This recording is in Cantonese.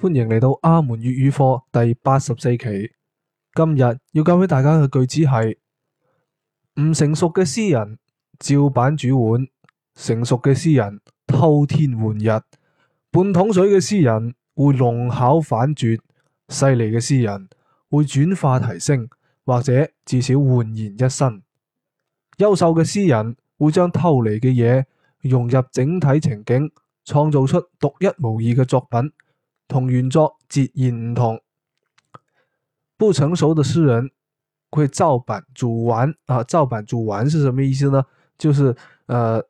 歡迎嚟到阿門粵語課第八十四期。今日要教俾大家嘅句子係：唔成熟嘅詩人照版煮碗，成熟嘅詩人偷天換日，半桶水嘅詩人會弄巧反拙，犀利嘅詩人。會轉化提升，或者至少煥然一新。優秀嘅詩人會將偷嚟嘅嘢融入整體情景，創造出獨一無二嘅作品，同原作截然唔同。不成熟嘅詩人會照版煮碗啊！照版煮碗是什麼意思呢？就是，誒、呃。